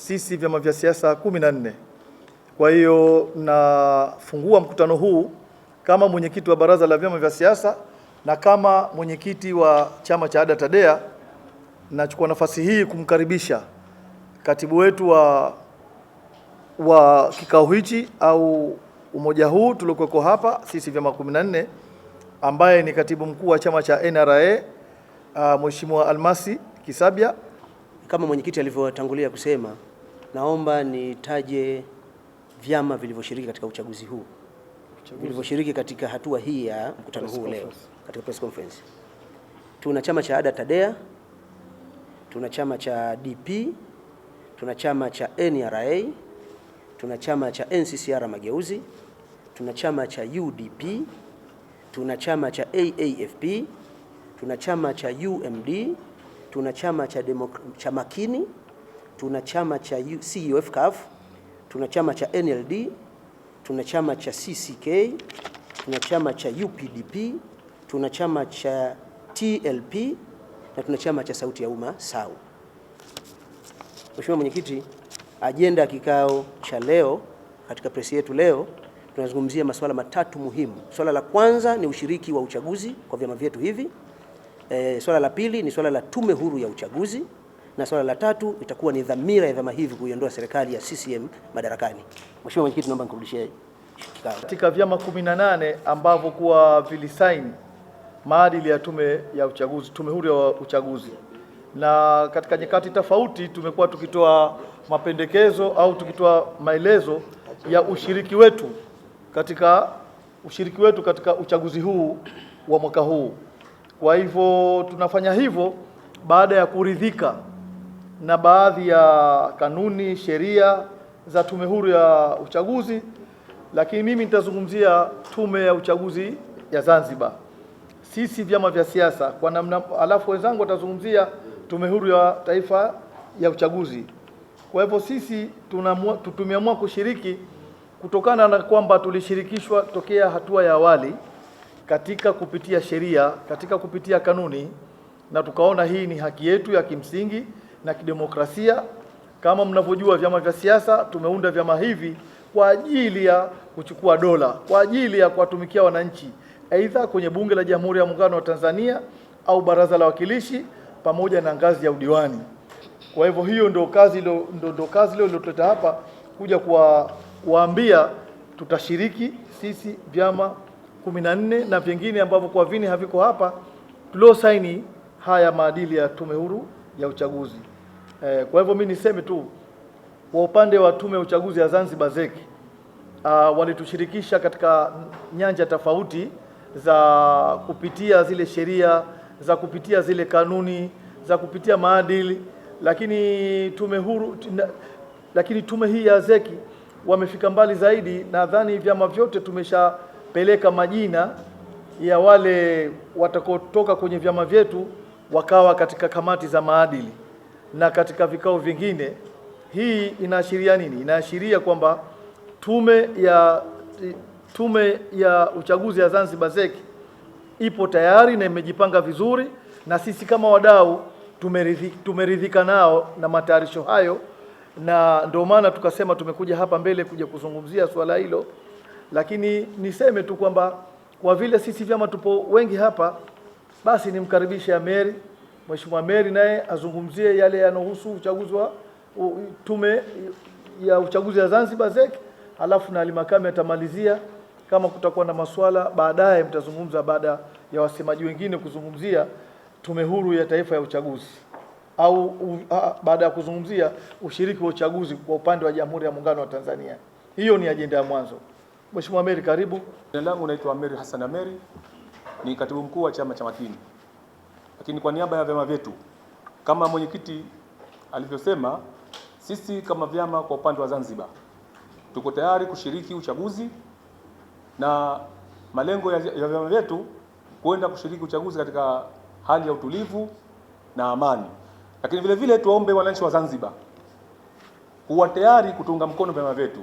sisi vyama vya siasa kumi na nne. Kwa hiyo nafungua mkutano huu kama mwenyekiti wa baraza la vyama vya siasa na kama mwenyekiti wa chama cha ADA TADEA, nachukua nafasi hii kumkaribisha katibu wetu wa, wa kikao hichi au umoja huu tuliokuweko hapa sisi vyama 14 ambaye ni katibu mkuu wa chama cha NRA uh, Mheshimiwa Almasi Kisabia. Kama mwenyekiti alivyotangulia kusema naomba nitaje vyama vilivyoshiriki katika uchaguzi huu vilivyoshiriki katika hatua hii ya mkutano huu leo katika press conference. Tuna chama cha ADA TADEA, tuna chama cha DP, tuna chama cha NRA, tuna chama cha NCCR Mageuzi, tuna chama cha UDP, tuna chama cha AAFP, tuna chama cha UMD, tuna chama cha, cha Makini tuna chama cha CUF e CAF, tuna chama cha NLD, tuna chama cha CCK, tuna chama cha UPDP, tuna chama cha TLP na tuna chama cha Sauti ya Umma SAU. Mheshimiwa Mwenyekiti, ajenda ya kikao cha leo katika presi yetu leo tunazungumzia masuala matatu muhimu. Swala la kwanza ni ushiriki wa uchaguzi kwa vyama vyetu hivi. E, swala la pili ni swala la tume huru ya uchaguzi na swala la tatu itakuwa ni dhamira ya vyama hivi kuiondoa serikali ya CCM madarakani. Mheshimiwa Mwenyekiti, naomba nikurudishie kikao. Katika vyama 18 ambavyo kuwa vilisaini maadili ya tume ya uchaguzi, tume huru ya uchaguzi, na katika nyakati tofauti tumekuwa tukitoa mapendekezo au tukitoa maelezo ya ushiriki wetu katika ushiriki wetu katika uchaguzi huu wa mwaka huu. Kwa hivyo tunafanya hivyo baada ya kuridhika na baadhi ya kanuni, sheria za Tume Huru ya Uchaguzi, lakini mimi nitazungumzia Tume ya Uchaguzi ya Zanzibar, sisi vyama vya siasa kwa namna, alafu wenzangu watazungumzia Tume Huru ya Taifa ya Uchaguzi. Kwa hivyo sisi tumeamua kushiriki kutokana na kwamba tulishirikishwa tokea hatua ya awali katika kupitia sheria, katika kupitia kanuni, na tukaona hii ni haki yetu ya kimsingi na kidemokrasia. Kama mnavyojua, vyama vya siasa tumeunda vyama hivi kwa ajili ya kuchukua dola, kwa ajili ya kuwatumikia wananchi, aidha kwenye Bunge la Jamhuri ya Muungano wa Tanzania au Baraza la Wawakilishi pamoja na ngazi ya udiwani. Kwa hivyo hiyo ndio kazi leo ndio kazi leo iliyotuleta hapa kuja kuwa, kuwaambia tutashiriki sisi vyama kumi na nne na vingine ambavyo kwa vini haviko hapa tuliosaini haya maadili ya Tume Huru ya Uchaguzi. Eh, kwa hivyo mimi niseme tu kwa upande wa Tume ya Uchaguzi ya Zanzibar ZEC uh, ah, walitushirikisha katika nyanja tofauti za kupitia zile sheria za kupitia zile kanuni za kupitia maadili, lakini tume huru, lakini tume hii ya zeki wamefika mbali zaidi. Nadhani vyama vyote tumeshapeleka majina ya wale watakaotoka kwenye vyama vyetu wakawa katika kamati za maadili na katika vikao vingine. Hii inaashiria nini? Inaashiria kwamba tume ya tume ya uchaguzi ya Zanzibar ZEC ipo tayari na imejipanga vizuri, na sisi kama wadau tumeridhika, tumeridhika nao na matayarisho hayo, na ndio maana tukasema tumekuja hapa mbele kuja kuzungumzia swala hilo. Lakini niseme tu kwamba kwa vile sisi vyama tupo wengi hapa, basi nimkaribishe Ameri Mheshimiwa Meri naye azungumzie yale yanohusu uchaguzi wa tume ya uchaguzi ya Zanzibar ZEC, halafu na Alimakame atamalizia. Kama kutakuwa na maswala baadaye, mtazungumza baada ya wasemaji wengine kuzungumzia tume huru ya taifa ya uchaguzi au uh, baada ya kuzungumzia ushiriki wa uchaguzi kwa upande wa Jamhuri ya Muungano wa Tanzania. Hiyo ni ajenda ya mwanzo. Mheshimiwa Meri, karibu. Jina langu naitwa Meri Hassan Ameri, ni katibu mkuu wa chama cha Makini. Lakini kwa niaba ya vyama vyetu, kama mwenyekiti alivyosema, sisi kama vyama kwa upande wa Zanzibar tuko tayari kushiriki uchaguzi na malengo ya vyama vyetu kuenda kushiriki uchaguzi katika hali ya utulivu na amani. Lakini vile vile tuombe wananchi wa Zanzibar kuwa tayari kutunga mkono vyama vyetu.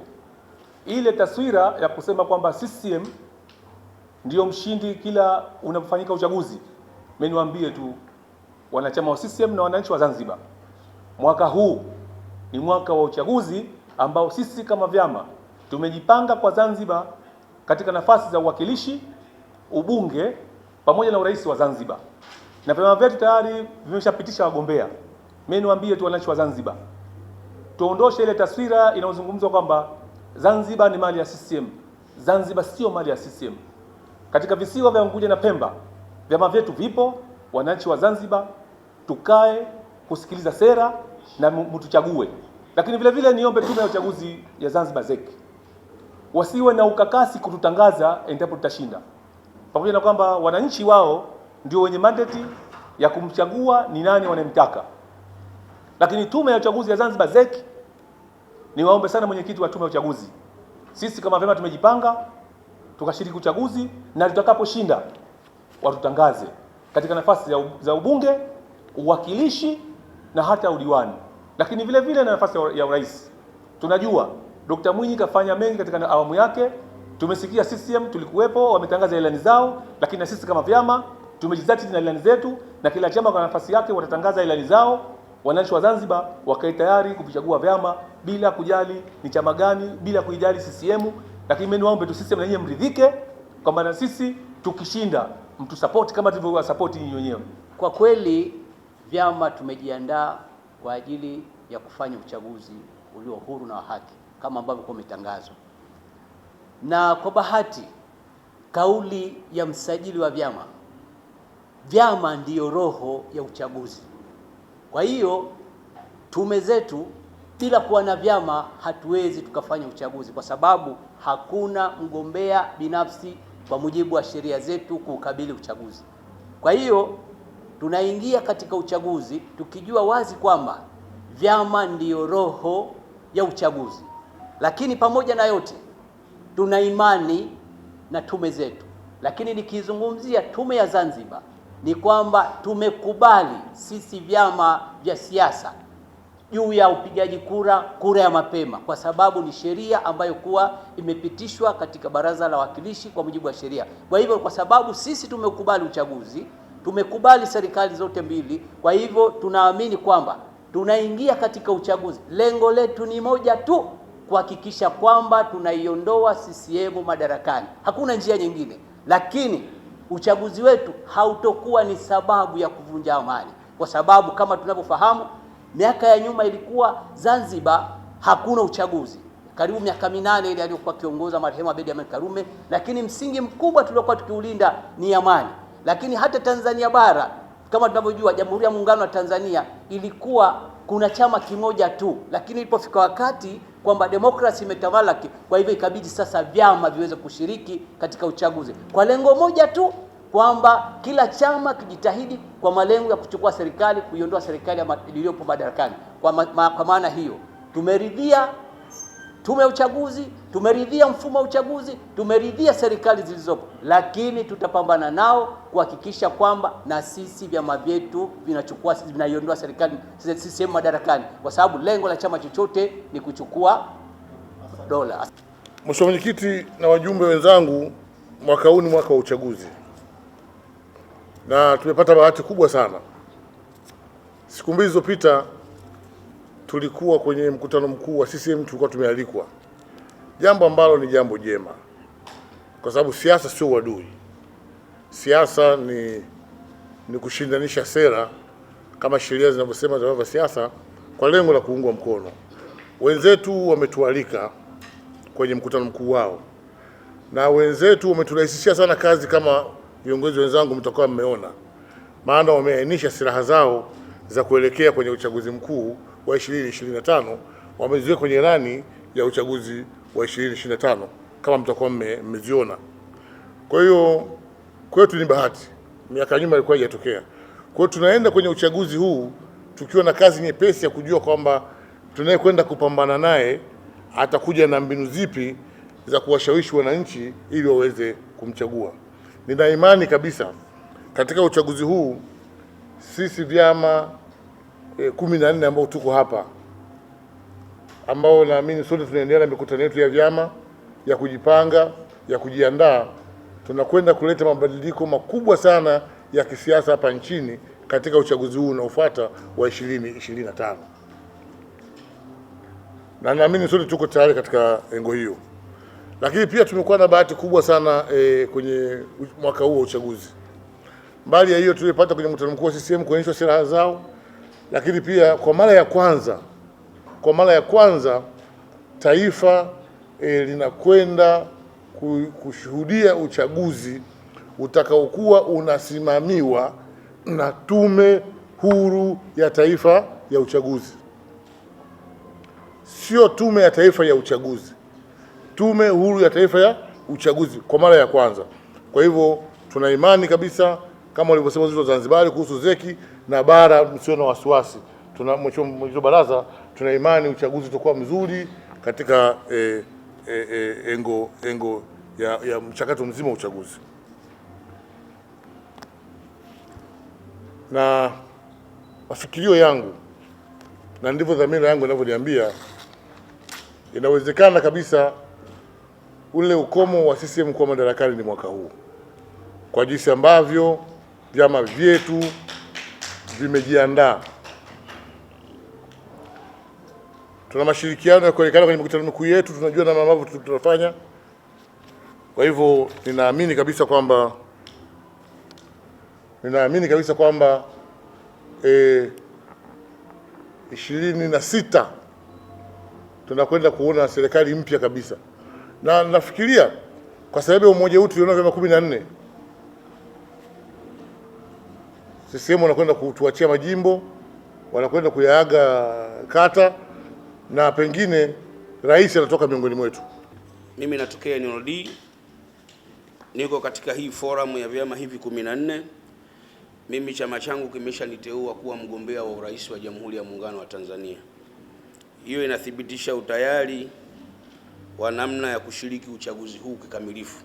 Ile taswira ya kusema kwamba CCM ndiyo mshindi kila unapofanyika uchaguzi mimi niwaambie tu wanachama wa CCM na wananchi wa Zanzibar, mwaka huu ni mwaka wa uchaguzi ambao sisi kama vyama tumejipanga kwa Zanzibar katika nafasi za uwakilishi, ubunge pamoja na urais wa Zanzibar, na vyama vyetu tayari vimeshapitisha wagombea. Mimi niwaambie tu wananchi wa Zanzibar, tuondoshe ile taswira inayozungumzwa kwamba Zanzibar ni mali ya CCM. Zanzibar sio mali ya CCM. Katika visiwa vya Unguja na Pemba Vyama vyetu vipo, wananchi wa Zanzibar tukae kusikiliza sera na mtuchague. Lakini vile vile niombe tume ya uchaguzi ya Zanzibar ZEC wasiwe na ukakasi kututangaza endapo tutashinda, pamoja na kwamba wananchi wao ndio wenye mandate ya kumchagua ni nani wanayemtaka Lakini tume ya uchaguzi ya Zanzibar ZEC, niwaombe sana mwenyekiti wa tume ya uchaguzi, sisi kama vyama tumejipanga tukashiriki uchaguzi na tutakaposhinda watutangaze katika nafasi za ubunge, uwakilishi na hata udiwani, lakini vile vile na nafasi ya urais. Tunajua Dr. Mwinyi kafanya mengi katika awamu yake. Tumesikia CCM tulikuwepo, wametangaza ilani zao, lakini na sisi kama vyama tumejizatiti na ilani zetu, na kila chama kwa nafasi yake watatangaza ilani zao. Wananchi wa Zanzibar wakae tayari kuvichagua vyama bila kujali ni chama gani, bila kujali CCM. Lakini mimi niwaombe tu CCM na nyinyi mridhike kwamba na sisi tukishinda mtu support kama tulivyowa support nyinyi wenyewe. Kwa kweli vyama tumejiandaa kwa ajili ya kufanya uchaguzi ulio huru na haki kama ambavyo kwa umetangazwa, na kwa bahati kauli ya msajili wa vyama, vyama ndiyo roho ya uchaguzi. Kwa hiyo tume zetu, bila kuwa na vyama hatuwezi tukafanya uchaguzi, kwa sababu hakuna mgombea binafsi kwa mujibu wa sheria zetu kuukabili uchaguzi. Kwa hiyo tunaingia katika uchaguzi tukijua wazi kwamba vyama ndiyo roho ya uchaguzi, lakini pamoja na yote tuna imani na tume zetu. Lakini nikizungumzia tume ya Zanzibar ni kwamba tumekubali sisi vyama vya siasa juu ya upigaji kura, kura ya mapema, kwa sababu ni sheria ambayo kuwa imepitishwa katika Baraza la Wawakilishi kwa mujibu wa sheria. Kwa hivyo, kwa sababu sisi tumekubali uchaguzi, tumekubali serikali zote mbili, kwa hivyo tunaamini kwamba tunaingia katika uchaguzi, lengo letu ni moja tu, kuhakikisha kwamba tunaiondoa CCM madarakani. Hakuna njia nyingine, lakini uchaguzi wetu hautokuwa ni sababu ya kuvunja amani, kwa sababu kama tunavyofahamu Miaka ya nyuma ilikuwa Zanzibar hakuna uchaguzi karibu miaka minane ile aliyokuwa akiongoza marehemu Abedi Amani Karume, lakini msingi mkubwa tuliokuwa tukiulinda ni amani. Lakini hata Tanzania bara kama tunavyojua, Jamhuri ya Muungano wa Tanzania ilikuwa kuna chama kimoja tu, lakini ilipofika wakati kwamba demokrasi imetawala, kwa hivyo ikabidi sasa vyama viweze kushiriki katika uchaguzi kwa lengo moja tu kwamba kila chama kijitahidi kwa malengo ya kuchukua serikali, kuiondoa serikali iliyopo madarakani. Kwa, ma, ma, kwa maana hiyo tumeridhia tume ya uchaguzi, tumeridhia mfumo wa uchaguzi, tumeridhia serikali zilizopo, lakini tutapambana nao kuhakikisha kwamba na sisi vyama vyetu vinachukua vinaiondoa serikali sisehemu madarakani, kwa sababu lengo la chama chochote ni kuchukua dola. Mheshimiwa Mwenyekiti na wajumbe wenzangu, mwaka huu ni mwaka wa uchaguzi na tumepata bahati kubwa sana. Siku mbili zilizopita tulikuwa kwenye mkutano mkuu wa CCM, tulikuwa tumealikwa, jambo ambalo ni jambo jema, kwa sababu siasa sio uadui. Siasa ni, ni kushindanisha sera kama sheria zinavyosema za vyama vya siasa kwa lengo la kuungwa mkono. Wenzetu wametualika kwenye mkutano mkuu wao na wenzetu wameturahisishia sana kazi kama viongozi wenzangu mtakuwa mmeona, maana wameainisha silaha zao za kuelekea kwenye uchaguzi mkuu wa 2025 wameziweka kwenye ilani ya uchaguzi wa 2025 kama mtakuwa mmeziona. Kwa hiyo kwetu ni bahati, miaka nyuma ilikuwa haijatokea. Kwa hiyo tunaenda kwenye uchaguzi huu tukiwa na kazi nyepesi ya kujua kwamba tunayekwenda kupambana naye atakuja na mbinu zipi za kuwashawishi wananchi ili waweze kumchagua. Nina imani kabisa katika uchaguzi huu sisi vyama e, kumi na nne ambao tuko hapa ambao naamini sote tunaendelea na mikutano yetu ya vyama ya kujipanga ya kujiandaa, tunakwenda kuleta mabadiliko makubwa sana ya kisiasa hapa nchini katika uchaguzi huu unaofuata wa 2025 na naamini sote tuko tayari katika lengo hiyo. Lakini pia tumekuwa na bahati kubwa sana e, kwenye mwaka huu wa uchaguzi. Mbali ya hiyo tuliyopata kwenye mkutano mkuu wa CCM kuonyeshwa sera zao, lakini pia kwa mara ya kwanza kwa mara ya kwanza taifa e, linakwenda kushuhudia uchaguzi utakaokuwa unasimamiwa na Tume Huru ya Taifa ya Uchaguzi, sio Tume ya Taifa ya Uchaguzi. Tume Huru ya Taifa ya Uchaguzi kwa mara ya kwanza. Kwa hivyo tuna imani kabisa kama walivyosema wa Zanzibar kuhusu zeki na bara, msio na wasiwasi. Tuna mwisho baraza, tuna imani uchaguzi utakuwa mzuri katika e, e, e, engo, engo ya, ya mchakato mzima wa uchaguzi na mafikirio yangu na ndivyo dhamira yangu inavyoniambia, inawezekana kabisa ule ukomo wa CCM kuwa madarakani ni mwaka huu, kwa jinsi ambavyo vyama vyetu vimejiandaa. Tuna mashirikiano ya kuelekana kwenye mikutano mikuu yetu, tunajua namna ambavyo tutafanya. Kwa hivyo ninaamini kabisa kwamba ninaamini kabisa kwamba e, ishirini na sita tunakwenda kuona serikali mpya kabisa na nafikiria kwa sababu ya umoja huu tulionao vyama kumi na nne sisehemu wanakwenda kutuachia majimbo, wanakwenda kuyaaga kata, na pengine rais anatoka miongoni mwetu. Mimi natokea eneo D, niko katika hii forum ya vyama hivi kumi na nne. Mimi chama changu kimeshaniteua kuwa mgombea wa urais wa Jamhuri ya Muungano wa Tanzania. Hiyo inathibitisha utayari wa namna ya kushiriki uchaguzi huu kikamilifu.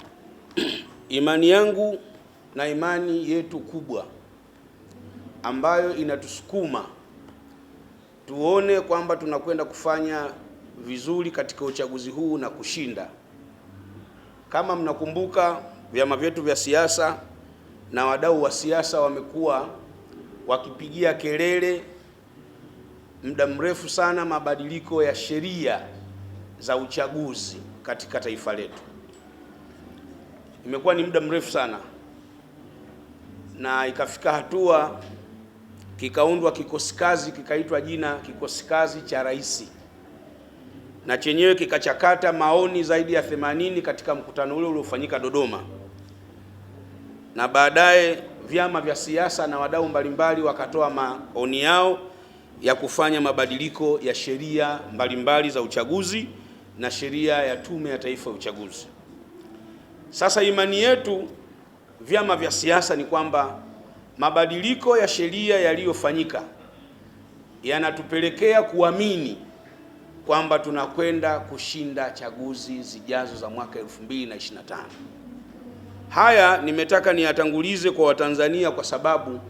Imani yangu na imani yetu kubwa ambayo inatusukuma tuone kwamba tunakwenda kufanya vizuri katika uchaguzi huu na kushinda. Kama mnakumbuka, vyama vyetu vya siasa na wadau wa siasa wamekuwa wakipigia kelele muda mrefu sana mabadiliko ya sheria za uchaguzi katika taifa letu. Imekuwa ni muda mrefu sana, na ikafika hatua kikaundwa kikosi kazi, kikaitwa jina kikosi kazi cha rais, na chenyewe kikachakata maoni zaidi ya themanini katika mkutano ule uliofanyika Dodoma, na baadaye vyama vya siasa na wadau mbalimbali wakatoa maoni yao ya kufanya mabadiliko ya sheria mbalimbali za uchaguzi na sheria ya Tume ya Taifa ya Uchaguzi. Sasa imani yetu vyama vya siasa ni kwamba mabadiliko ya sheria yaliyofanyika yanatupelekea kuamini kwamba tunakwenda kushinda chaguzi zijazo za mwaka 2025. Haya nimetaka niyatangulize kwa Watanzania kwa sababu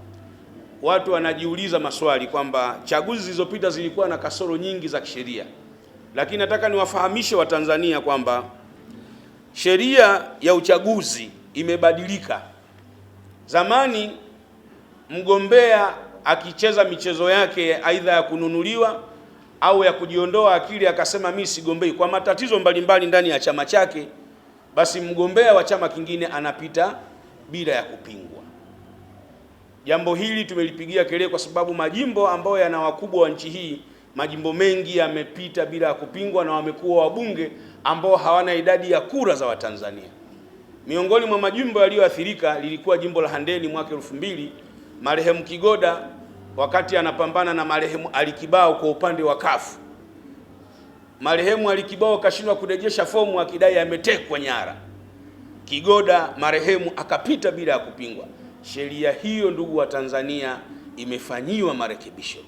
watu wanajiuliza maswali kwamba chaguzi zilizopita zilikuwa na kasoro nyingi za kisheria lakini nataka niwafahamishe Watanzania kwamba sheria ya uchaguzi imebadilika. Zamani mgombea akicheza michezo yake aidha ya kununuliwa au ya kujiondoa akili, akasema mimi sigombei kwa matatizo mbalimbali ndani ya chama chake, basi mgombea wa chama kingine anapita bila ya kupingwa. Jambo hili tumelipigia kelele kwa sababu majimbo ambayo yana wakubwa wa nchi hii majimbo mengi yamepita bila ya kupingwa na wamekuwa wabunge ambao hawana idadi ya kura za Watanzania. Miongoni mwa majimbo yaliyoathirika lilikuwa jimbo la Handeni mwaka elfu mbili, marehemu Kigoda wakati anapambana na marehemu Alikibao kwa upande wa kafu marehemu Alikibao akashindwa kurejesha fomu akidai ametekwa nyara. Kigoda marehemu akapita bila ya kupingwa. Sheria hiyo, ndugu wa Tanzania, imefanyiwa marekebisho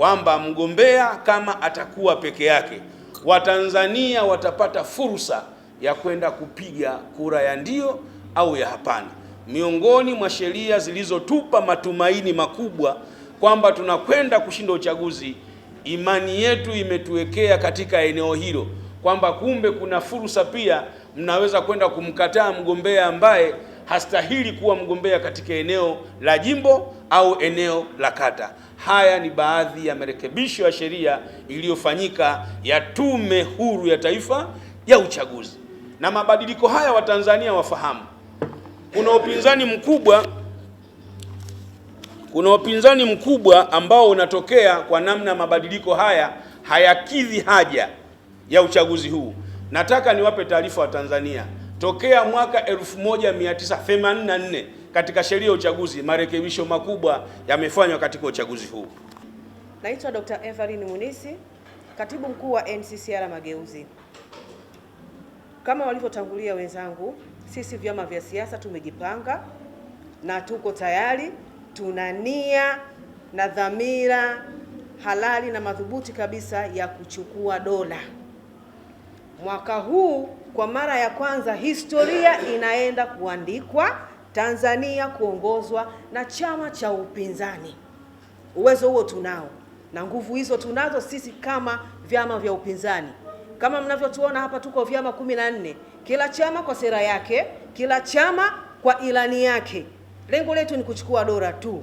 kwamba mgombea kama atakuwa peke yake, Watanzania watapata fursa ya kwenda kupiga kura ya ndio au ya hapana. Miongoni mwa sheria zilizotupa matumaini makubwa kwamba tunakwenda kushinda uchaguzi, imani yetu imetuwekea katika eneo hilo kwamba kumbe kuna fursa pia, mnaweza kwenda kumkataa mgombea ambaye hastahili kuwa mgombea katika eneo la jimbo au eneo la kata. Haya ni baadhi ya marekebisho ya sheria iliyofanyika ya Tume Huru ya Taifa ya Uchaguzi. Na mabadiliko haya Watanzania wafahamu, kuna upinzani mkubwa, kuna upinzani mkubwa ambao unatokea kwa namna mabadiliko haya hayakidhi haja ya uchaguzi huu. Nataka niwape taarifa Watanzania, tokea mwaka 1984 katika sheria ya uchaguzi, marekebisho makubwa yamefanywa katika uchaguzi huu. Naitwa Dr. Evelyn Munisi, katibu mkuu wa NCCR Mageuzi. Kama walivyotangulia wenzangu, sisi vyama vya siasa tumejipanga na tuko tayari, tuna nia na dhamira halali na madhubuti kabisa ya kuchukua dola mwaka huu. Kwa mara ya kwanza historia inaenda kuandikwa Tanzania kuongozwa na chama cha upinzani. Uwezo huo tunao na nguvu hizo tunazo sisi kama vyama vya upinzani. Kama mnavyotuona hapa, tuko vyama kumi na nne, kila chama kwa sera yake, kila chama kwa ilani yake. Lengo letu ni kuchukua dola tu,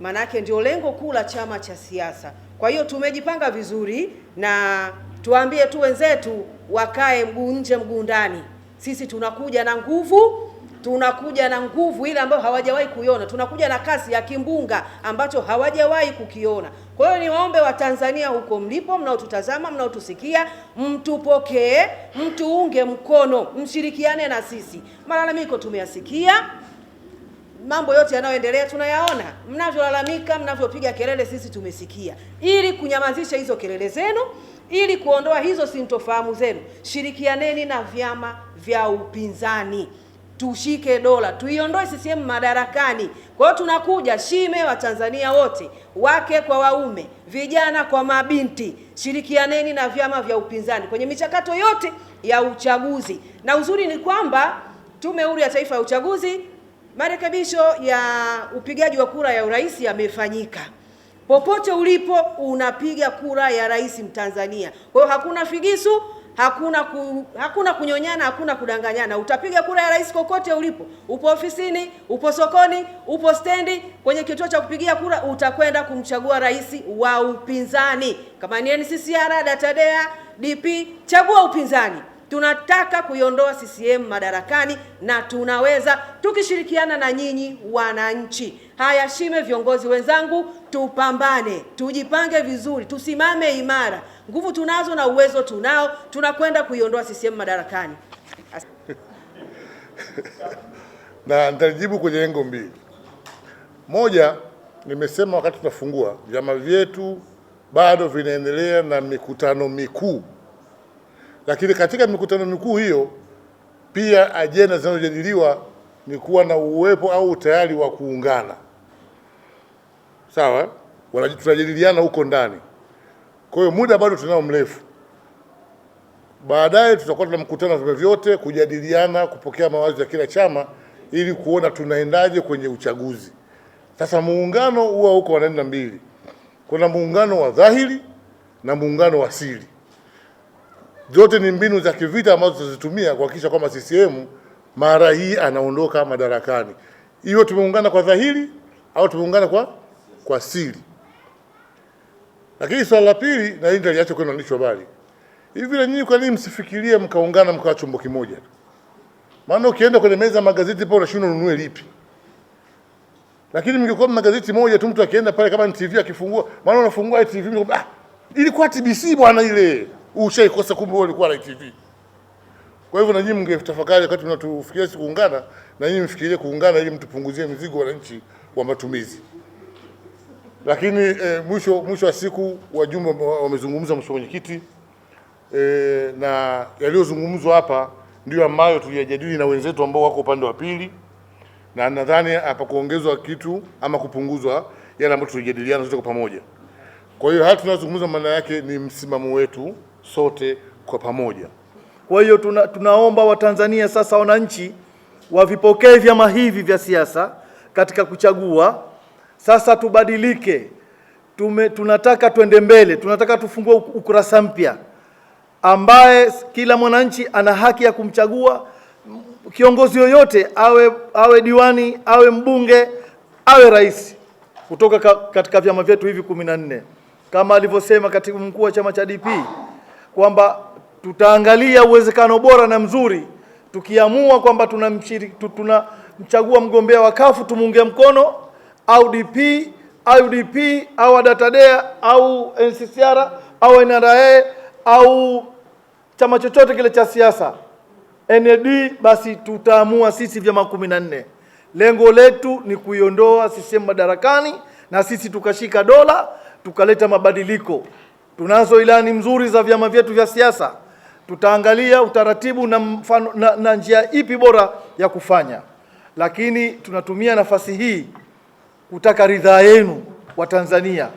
maanake ndio lengo kuu la chama cha siasa. Kwa hiyo tumejipanga vizuri, na tuambie tu wenzetu wakae mguu nje mguu ndani. Sisi tunakuja na nguvu tunakuja na nguvu ile ambayo hawajawahi kuiona, tunakuja na kasi ya kimbunga ambacho hawajawahi kukiona. Kwa hiyo niwaombe Watanzania huko mlipo, mnaotutazama, mnaotusikia, mtupokee, mtuunge mkono, mshirikiane na sisi. Malalamiko tumeyasikia, mambo yote yanayoendelea tunayaona, mnavyolalamika, mnavyopiga kelele, sisi tumesikia. Ili kunyamazisha hizo kelele zenu, ili kuondoa hizo sintofahamu zenu, shirikianeni na vyama vya upinzani tushike dola, tuiondoe CCM madarakani. Kwa hiyo tunakuja shime wa Tanzania wote, wake kwa waume, vijana kwa mabinti, shirikianeni na vyama vya upinzani kwenye michakato yote ya uchaguzi. Na uzuri ni kwamba Tume Huru ya Taifa ya Uchaguzi, marekebisho ya upigaji wa kura ya urais yamefanyika. Popote ulipo unapiga kura ya rais Mtanzania. Kwa hiyo hakuna figisu hakuna ku, hakuna kunyonyana, hakuna kudanganyana. Utapiga kura ya rais kokote ulipo, upo ofisini, upo sokoni, upo stendi, kwenye kituo cha kupigia kura, utakwenda kumchagua rais wa upinzani. Kama ni NCCR, Datadea, DP, chagua upinzani. Tunataka kuiondoa CCM madarakani na tunaweza tukishirikiana na nyinyi wananchi. Hayashime viongozi wenzangu, tupambane, tujipange vizuri, tusimame imara. Nguvu tunazo na uwezo tunao, tunakwenda kuiondoa CCM madarakani. Na nitajibu kwenye lengo mbili. Moja, nimesema wakati tunafungua vyama vyetu bado vinaendelea na mikutano mikuu, lakini katika mikutano mikuu hiyo pia ajenda zinazojadiliwa ni kuwa na uwepo au utayari wa kuungana sawa, eh? tunajadiliana huko ndani. Kwa hiyo muda bado tunao mrefu, baadaye tutakuwa tuna mkutano vyama vyote kujadiliana, kupokea mawazo ya kila chama ili kuona tunaendaje kwenye uchaguzi. Sasa muungano huwa huko wanaenda mbili, kuna muungano wa dhahiri na muungano wa siri. Zote ni mbinu za kivita ambazo tutazitumia kuhakikisha kwamba CCM mara hii anaondoka madarakani, iwe tumeungana kwa dhahiri au tumeungana kwa kwa siri. Lakini swala la pili na hili nitaliacha kwenda waandishi wa habari. Hivi vile nyinyi kwa nini msifikirie mkaungana mkawa chombo kimoja? Maana ukienda kwenye meza magazeti pale unashindwa ununue lipi. Lakini mngekuwa na gazeti moja tu mtu akienda pale kama ni TV akifungua, maana unafungua TV mko ah, ilikuwa TBC bwana ile. Ushaikosa kumbe wewe ulikuwa na TV. Kwa hivyo na nyinyi mngetafakari wakati mnatufikiria kuungana, na nyinyi mfikirie kuungana ili mtupunguzie mzigo wananchi wa matumizi. Lakini eh, mwisho mwisho wa siku wajumbe wamezungumza, mheshimiwa mwenyekiti eh, na yaliyozungumzwa hapa ndio ambayo tuliyajadili na wenzetu ambao wako upande wa pili, na nadhani hapa kuongezwa kitu ama kupunguzwa yale ambayo tulijadiliana sote kwa pamoja. Kwa hiyo hata tunazungumza, maana yake ni msimamo wetu sote kwa pamoja. Kwa hiyo tuna, tunaomba Watanzania sasa, wananchi wavipokee vyama hivi vya siasa katika kuchagua sasa tubadilike tume, tunataka twende mbele, tunataka tufungue ukurasa mpya ambaye kila mwananchi ana haki ya kumchagua kiongozi yoyote, awe awe diwani, awe mbunge, awe rais kutoka ka, katika vyama vyetu hivi kumi na nne kama alivyosema katibu mkuu wa chama cha DP kwamba tutaangalia uwezekano bora na mzuri, tukiamua kwamba tunamchagua mgombea wa kafu tumuunge mkono au DP au DP au adatadea au NCCR au NRA au chama chochote kile cha siasa NLD, e basi tutaamua sisi vyama kumi na nne. Lengo letu ni kuiondoa CCM madarakani na sisi tukashika dola tukaleta mabadiliko. Tunazo ilani nzuri za vyama vyetu vya siasa, tutaangalia utaratibu na, mfano, na, na njia ipi bora ya kufanya, lakini tunatumia nafasi hii kutaka ridhaa yenu wa Tanzania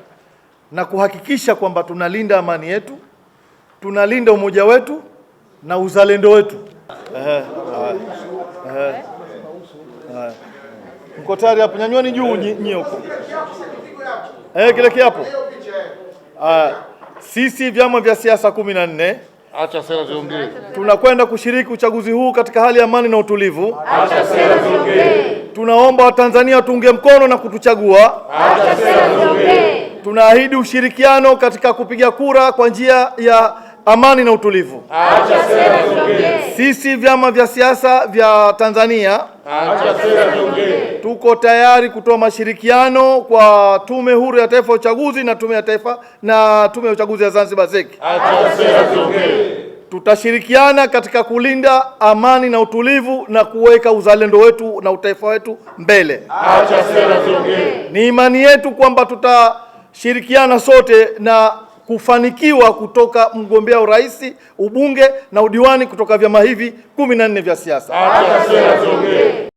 na kuhakikisha kwamba tunalinda amani yetu, tunalinda umoja wetu na uzalendo wetu. Mko tayari hapo? Nyanyueni juu nyie huko, eh, kile kiapo. Sisi vyama vya siasa kumi na nne Acha sera ziongee. Tunakwenda kushiriki uchaguzi huu katika hali ya amani na utulivu. Acha sera ziongee. Tunaomba Watanzania tuunge mkono na kutuchagua. Acha sera ziongee. Tunaahidi ushirikiano katika kupiga kura kwa njia ya amani na utulivu. Acha sera ziongee. Sisi vyama vya siasa vya Tanzania, acha sera ziongee. Tuko tayari kutoa mashirikiano kwa Tume Huru ya Taifa ya Uchaguzi na Tume ya Taifa na Tume ya Uchaguzi ya Zanzibar ZEC. Acha sera ziongee. Tutashirikiana katika kulinda amani na utulivu na kuweka uzalendo wetu na utaifa wetu mbele. Acha sera ziongee. Ni imani yetu kwamba tutashirikiana sote na kufanikiwa kutoka mgombea urais, ubunge na udiwani kutoka vyama hivi kumi na nne vya siasa. sera ziongee.